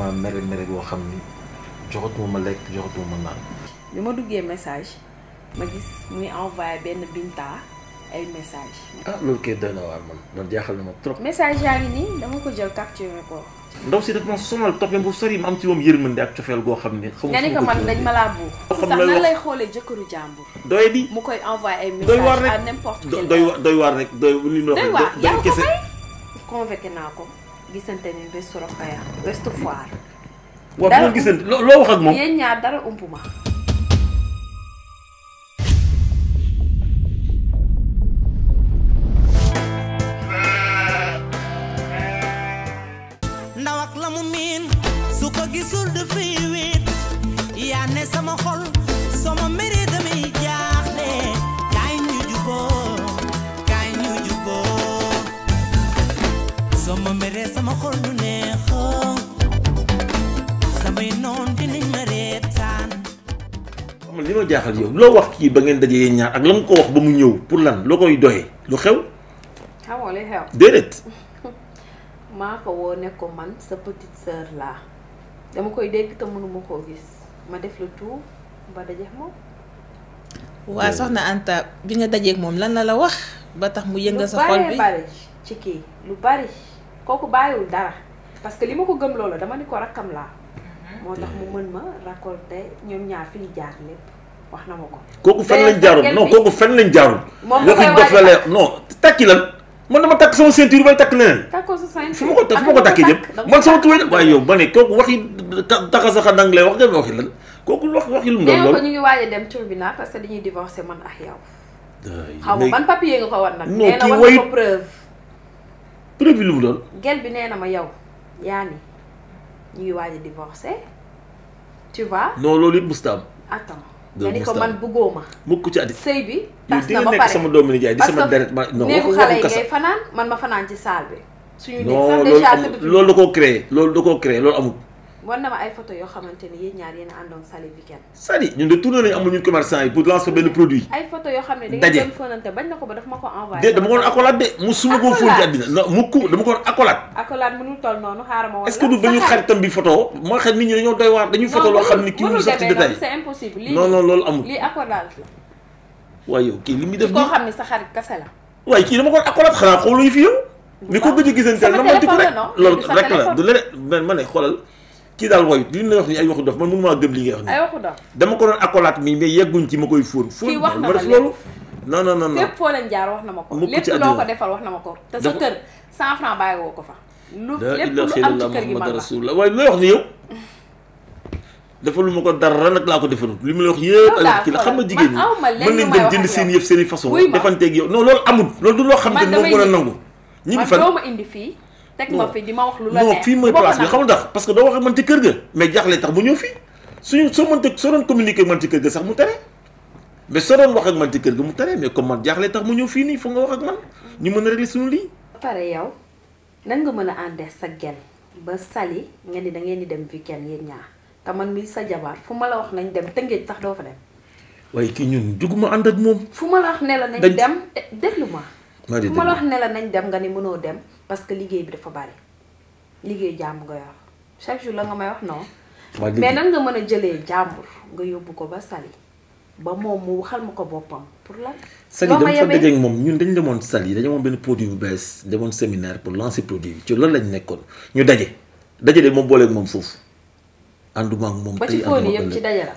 maa mere mere boo xam ni joxatuma ma lekk joxatuma ma naan. bi ma duggee message ma gis muy envoyé benn Binta ay message ah loolu kay doy na waar man man na ma trop. message yaa ngi nii dama ko jël capturé ko. ndaw si daf ma sonal toppee bu sori ma am ci moom yërmande ak cofeel goo xam ne. xaw ma ko man dañ ma laa buur. sax nan lay xoolee jëkkëru jàmbur. doy di mu koy envoyé ay message à n'importe quel doy waar rek doy waar doy. ko naa ko. gisante ni bés Soroxaya Ouest Foire. waaw bu ma gisante loo wax ak moom yéen ñaar dara ump ma. li ma jaaxal loo wax kii ba ngeen dajee ñaar ak la nga ko wax ba mu ñëw pour lan loo koy doyee lu xew. xamoo déedéet. maa ko woo nekk ko man sa petite sœur laa dama koy dégg te mënuma koo gis ma def le tout ba dajeek moom. waa soxna Anta bi nga dajeek moom lan la la wax ba tax mu yëngal sa xol bi ci kii lu bari kooku bàyyiwul dara parce que li ma ko gëm loola dama ne ko rakkam laa. Mhm. moo tax mu mën ma raconter ñoom ñaar fi ñu jaar lépp. wax na ma ko. kooku fan lañ jaarul non kooku fan lañ jaarul. moom la koy dof la leer non takki lan man dama takk sama ceinture bay takk leneen. sa ceinture fu ma ko fu ma ko takkee jëm. man sama tubaab yi waaye yow ma ne kooku wax nga waxi lan kooku wax ñu ngi waaj a dem tribunal parce que dañuy divorcer ma ban papier nga ko war nag. nee na war na ko lu mu doon. gel bi nee na ma yow yaa ni ñu ngi waaj a divorcer tu vois. non loolu yëpp mosut a nga ni ko man bëggoo ma. mukk ci àddi sëy bi. tas na ba pare yow di nga nekk sama doomu nijaay di sama deret ma non waxu xale yi ngay fanaan man ma fanaan ci saal bi. suñu nekk sax déjà tëdd. loolu da koo créé loolu da koo créé loolu amul. wan na ma ay photo yoo xamante ni yéen ñaar yéen nañu amul ñun commerçant yi pour lancer benn produit. ay photo yoo xam ne da ngeen doon fóonante bañ na ko ba daf ma ko envoyé. de dama ko doon de mu su ma ko mu ku dama ko doon accolade. accolade mënul toll noonu xaaral ma xam waaye yow li mu def koo xam ne sa xarit kase la waaye kii dama ko doon accolade xanaa fi yow ni ko gëj a gisante la ma dikk rek loolu rek la du leneen ma ne xoolal kii daal wayut li ñu lay wax ni ay waxu dof man mënu maa gëm li ngay wax ni ay waxu dof dama ko doon akolaat mi mais yegguñ ma jaar wax na ma ko lépp loo ko defal na ma ko te sa kër cent franc woo ko fa lu lépp lu am ci kër gi man rasulullah waaye looy wax ni yow defalu ma ko dara nag laa ko defalut li mu la wax yëpp ay wax ci la xam nga jigéen ñi mën nañ dem jënd seen yëf seen i façon defanteeg yow non loolu amul loolu du loo xam ne moom ko a nangu ñi fan teg ma fi di ma wax lu la neex non fii mooy place bi xam ndax man ci kër ga mais jaaxle tax mu ñëw fii man ci kër ga mu tere mais soo doon wax ak man ci kër ga mu tere mais a régler suñu lii mën a àndee sa gen ba sali nga ni da ngeen di dem weekend yéen ñaar te man mii sa jabaar fu ma la wax nañ dem tëngéej sax doo fa dem waaye kii ñun juguma ànd ak moom fu ma la wax ne la dem eh, déglu ma ma la wax ne la nañ dem nga ni mënoo dem parce que liggéey bi dafa bari liggéey jàmm nga yor chaque jour la nga may wax non. mais nan nga mën a jëlee jàmbur nga yóbbu ko ba Saly ba moom mu waxal ma ko boppam pour lan. Saly dama fa dajeeg ñun dañ demoon Saly dañu amoon benn produit bu bees demoon séminaire pour lancer produit bi ci lan lañ nekkoon ñu daje daje de moom booleeg moom foofu. ànduma ak moom ba ànduma yëpp ci daje la.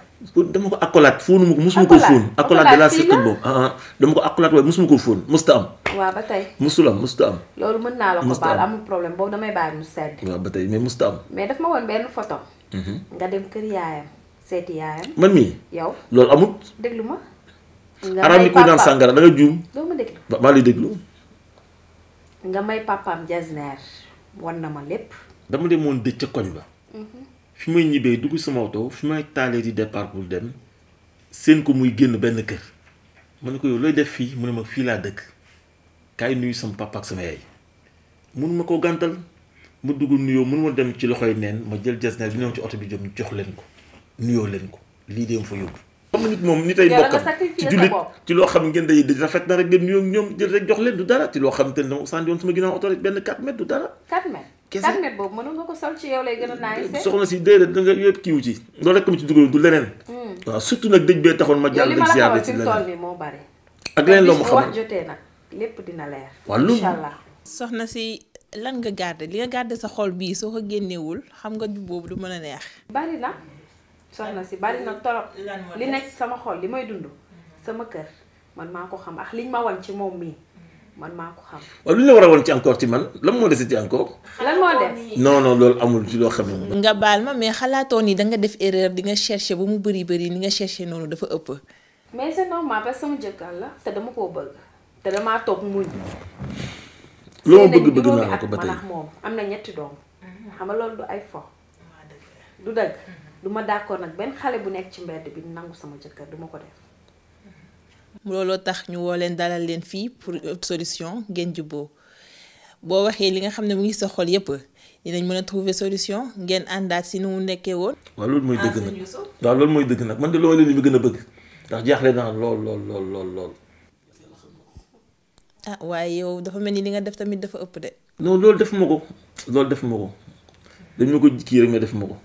dama ko accolade fóonu ma ko musuma ko fóon. accolade accolade de la ah, ah. dama ko accolade waaye musuma ko fóon am. waaw ba tey musul am musta am. loolu mën naa la ko baal amul problème boobu damay bàyyi mu sedd. waaw ba tey mais musta am. mais daf ma woon benn photo. Mhm. nga dem kër yaayam seeti yaayam. man mii yow loolu amul. déglu ma. nga may papaam naan sàngara ma déglu maa lay déglu. nga may papaam jasneer wan na ma lépp. dama demoon dëj ca koñ ba. Mhm. fi may ñibbee dugg sama oto fi may taalee di départ pour dem seen ko muy génn benn kër. ma ne ko yow looy def fii mu ne ma fii laa dëkk. kaay nuyu sama papa ak sama yaay mun koo gàntal mu dugg nuyoo mun ma dem ci loxoy nen ma jël jas ne li ñëw ci oto bi jëm jox leen ko nuyoo leen ko lii dem fa yóbbu. xam nit moom ci loo xam ngeen day rafet na rek ngeen nuyoo ñoom jël jox leen du dara ci loo xam te ne dama sànni woon sama ginnaaw benn 4 mètres du dara. 4 mètres kese 4 mètres boobu mënoon ko sol ci yow lay si déedéet da nga yëpp kiiw ci loolu rek mu ci dugaloon du leneen. Hmm. waaw surtout nag dëj bee taxoon ma jàll. ziar ci leneen ak leneen loo ma xamal lépp dina leer. incha allah soxna si lan nga garder li nga garder sa xol bii soo ko génnewul xam nga jub boobu du mën a neex. bari na soxna si bari na torop li nekk sama xol li may dund sama kër man maa ko xam ak liñ ma wan ci moom mii man maa ko xam. waaw lu la war a wan ci ci man lan moo desati encore. lan moo des. non non loolu amul ci loo xam ne. nga baal ma mais xalaatoo yi da nga def erreur di nga cherché ba mu bëri bëri ni nga cherché noonu dafa ëpp. mais c'est normal parce que sama jëkkër la te dama koo bëgg. te damaa toog muñ. lu ma bëgg bëgg naa ko ba tey moom am na ñetti doom. Mhm. xam nga loolu du dëgg mhm. du ma d'accord nag benn xale bu nekk ci mbedd bi nangu sama jëkkër du ma ko def. Mhm. looloo tax ñu woo leen dalal leen fii pour solution ngeen jubboo boo waxee li nga xam ne mu ngi sa xol yépp dinañ mën a trouver solution ngeen àndaat si nu mu nekkee woon. waaw loolu mooy dëgg ah, nag waaw loolu mooy dëgg nag man de loolu leen bi gën a bëgg ndax jaaxle naa lool lool lool lool. ah waaye yow dafa mel ni li nga def tamit dafa ëpp de. non loolu def ma ko loolu def ma ko dañ ma ko kii rek mais def ma ko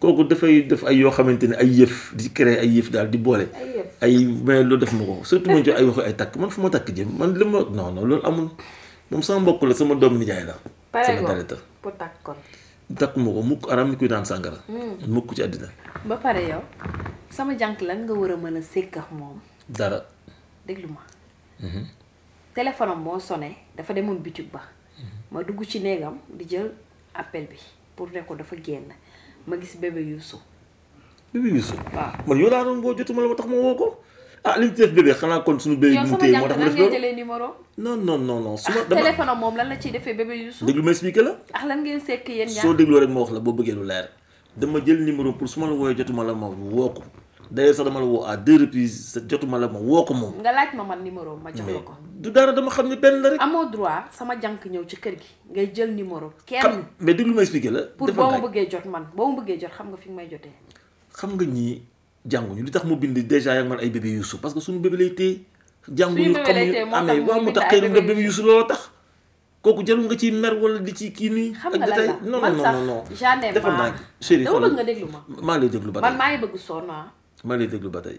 kooku dafay def ay yoo xamante ne ay yëf di créer ay yëf daal di boole. ay mais loolu def ma ko surtout man ci ay waxu ay takk man fu ma takk jëm man li ma non non loolu amul moom sama mbokk la sama doom nijaay la. sama dalita pour takk kon. takk ma ko mukk aram ni kuy naan sàngara. Hmm. mukk ci àddina. ba pare yow sama jànq lan nga war a mën a sékk ak moom. ma. Mhm. téléphone moo sonné dafa demoon bitig ba mhm. ma dugg ci néegam di jël appel bi pour ne ko dafa génn ma gis bébé Youssou. bébé Youssou waaw man yow laa doon boo jotuma la ma tax ma woo ko ah li mu ci xanaa kon suñu bébé. mu téye moo tax ma def loolu jëlee numéro. non non non non su ah, moom lan la ciy defee bébé Youssou. déglu ma expliqué la. ah lan ngeen sekk yéen ñaar soo dégloo rek ma wax la boo bëggee lu leer dama jël numéro pour su ma la wooyee jotuma la ma woo ko. d'ailleurs sax dama la woo à deux reprises sa jotuma la ma woo ko moom. nga laaj ma man numéro ma jox la ko. du dara dama xam ne benn la rek. amoo droit sama jànk ñëw ci kër gi ngay jël numéro. kenn mais déglu ma expliqué la. pour boo ma bëggee jot man boo ma bëggee jot xam nga fi may jotee. xam nga ñii jànguñu li tax mu bind dèjà yaa ay bébé Youssou parce que suñu bébé lay téye. suñu bébé lay téye moo tax mu bind ay na nga bébé tax. kooku jarul nga ci mer wala di ci kii xam nga lan la man sax non non non non. defal naa chéri dama bëgg nga déglu ma. maa ngi lay déglu ba man maa ngi bëgg sonn ah. maa ngi lay déglu ba tey.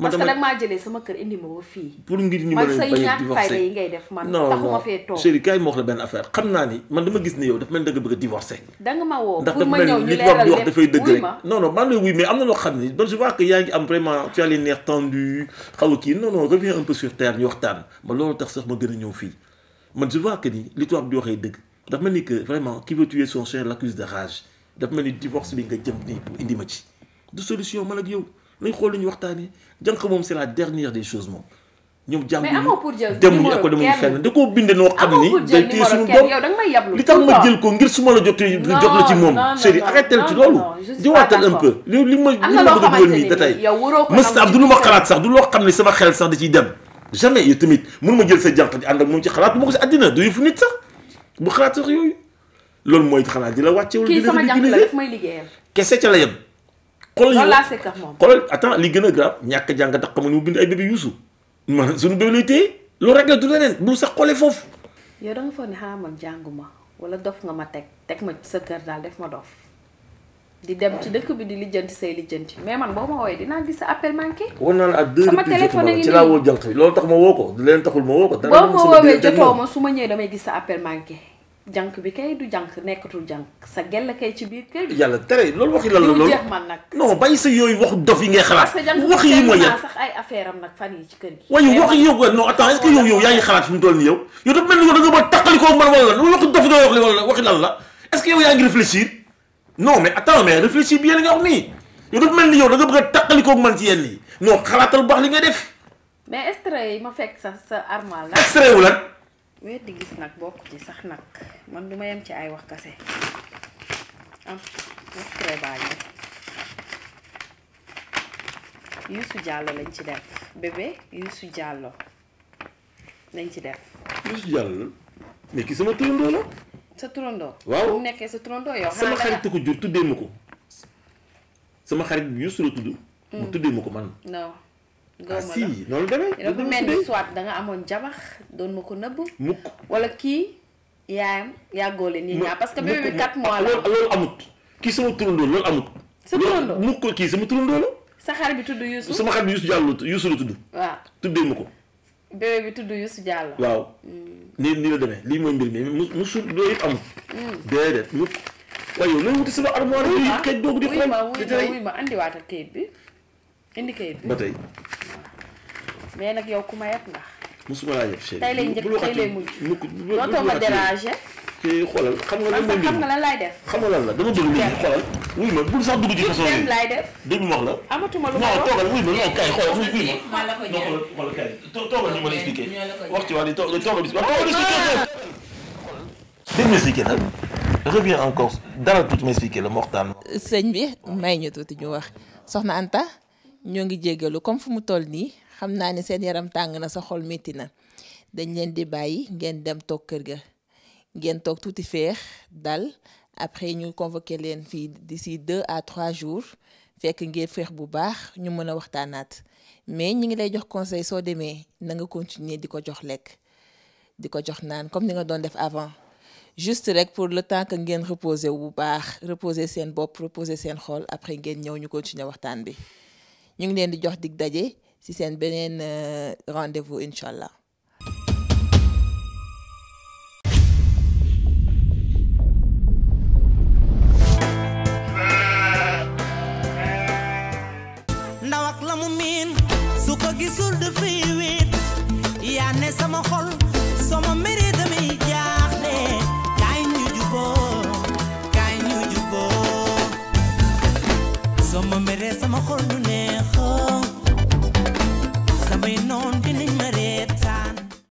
man parce que nag maa jëlee sama kër indi ma ba fii. pour ngir ñu mën a bañ a divorcé yi ngay def man taxuma fee toog chéri kaay ma wax la benn affaire xam naa ni man dama gis ne yow dafa mel ni danga bëgg a divorcé. da nga ma woo pour ma ñëw ñu leeral leen dafay dëgg rek non non maa ngi lay wuy mais am na loo xam ne man je vois que yaa ngi am vraiment tu as les nerfs tendus xaw a kii non non reviens un peu sur terre ñu waxtaan ma loolu tax sax ma gën a ñëw fii man je vois que ni li tubaab di waxee dëgg dafa mel ni que vraiment qui veut tuer son chien l'accuse de rage dafa mel ni divorce bi nga jëm nii pour indi ma ci du solution man ak yow nañ xool lu ñu waxtaanee jànq moom c'est la dernière des choses moom. ñoom jànguñu demuñu école demuñu fenn da koo bind noo xam ni day téye suñu bopp li tax ma jël ko ngir su ma jotee jot la ci moom chéri arrêtel ci loolu diwaatal un peu li li ma li ma bëgg a dugal nii da tey mësta du lu ma xalaat sax du loo xam ne sama xel sax da ciy dem jamais yow tamit mun ma jël sa jànq di ànd ak moom ci xalaat bu ma ko si àddina du yëfu nit sax bu xalaat sax yooyu loolu mooy xalaat di la wàcce wala di la ridiculiser kese la yem lool ñu laa seq ak moom xoolal attends li gën a grave ñàkk jàng tax xamuñu mu bind ay bébé yuusu loolu rek du leneen bul sax xoolee foofu. yow da nga foog ne xanaa ma wala dof nga ma teg teg ma sa kër daal def ma dof di dem ci bi di lijjanti say sa appel manqué. woon naa la ak deux reprises ci laa woo jànq yi loolu tax ma woo ko du leen taxul ma woo ko. su ma ñëwee damay gis sa appel manqué. jànk bi kay du jànk nekkatul jànk sa gell kay ci biir kër gi. yàlla tere loolu waxi lan loolu jeex man nag. bàyyi sa yooyu wax dof yi ngay xalaat. wax yi mooy yan sax ay affaire am nag fan yi ci kër gi. waaye wax yi yow non attends est-ce que fi mu toll nii yow. yow dafa mel koo man wala la li wala waxi mais attends mais réfléchir bi yéen nga wax nii yow dafa mel ni a takkali koo man ci yenn yi non xalaatal baax li nga def. mais extrait yi ma fekk sa sa armoire la. extrait wu lan wér di gis nag bokk ci sax nag man du ma yem ci ay wax kase am wax très baañu lañ ci def bébé Youssou jàlloo lañ ci def. Youssou Diallo mais ki sama turandoo sa turandoo. waaw bu nekkee sa turandoo yow. sama xarit ko jur tuddee ma ko sama xarit bi la tudd. mu mm. tuddee ko man. non. ah si noonu demee dafa mel ni nga amoon jabax doon ma ko nëbb. wala kii yaayam yàggoo leen. ñaar parce que bébé bi 4 la loolu amut. kii sama turandoo sa turandoo mukk kii sama turandoo la. sa xar bi tudd sama xar bi Youssou Diallo Youssou tudd. waaw tuddee ko. bébé bi tudd Youssou Diallo. waaw hmm. nii nii la demee lii mooy mbir mi mu musu loolu yëpp amut. Hmm. déedéet mukk waaye yow loolu wuti sama armoire. wuy ma wuy ma wuy ma andiwaatal kayit bi indi kayit bi ba tey. mais nag yow ku ma yab ndax. mosuma laa yab chérie. tey lay njëkk tey lay mujj bu dootoo ma déranger. te xoolal xam nga lan mooy xam nga lan laay def. xam nga lan la dama déglu léegi xoolal. wuy ma bul sax dugg ci façon yi laay def. dégg wax la. amatuma lu ma non toogal wuy ma non kay xoolal wuy ma. maa la ko jaay non xoolal kay toogal ñu mën a expliqué. wax ci wàllu toogal toogal bi. dégg nga expliqué nag. reviens encore dara tuuti ma expliqué la ma waxtaan. sëñ bi may ñu tuuti ñu wax soxna Anta ñoo ngi jéggalu comme fu mu toll nii xam naa ni seen yaram tàng na sa xol métti na dañ leen di bàyyi ngeen dem toog kër ga ngeen toog tuuti feex dal après ñu convoqué leen fii di si deux à trois jours fekk ngeen feex bu baax ñu mën a waxtaanaat mais ñu ngi lay jox conseil soo demee na nga continuer di ko jox lekk di ko jox naan comme ni nga doon def avant juste rek pour le temps que ngeen reposer bu baax reposer seen bopp reposer seen xol après ngeen ñëw ñu continuer waxtaan bi ñu ngi leen di jox dig daje. si seen beneen euh, rendez-vous incha allah. la mu miin su ko gisul dafay yaa ne sama xol.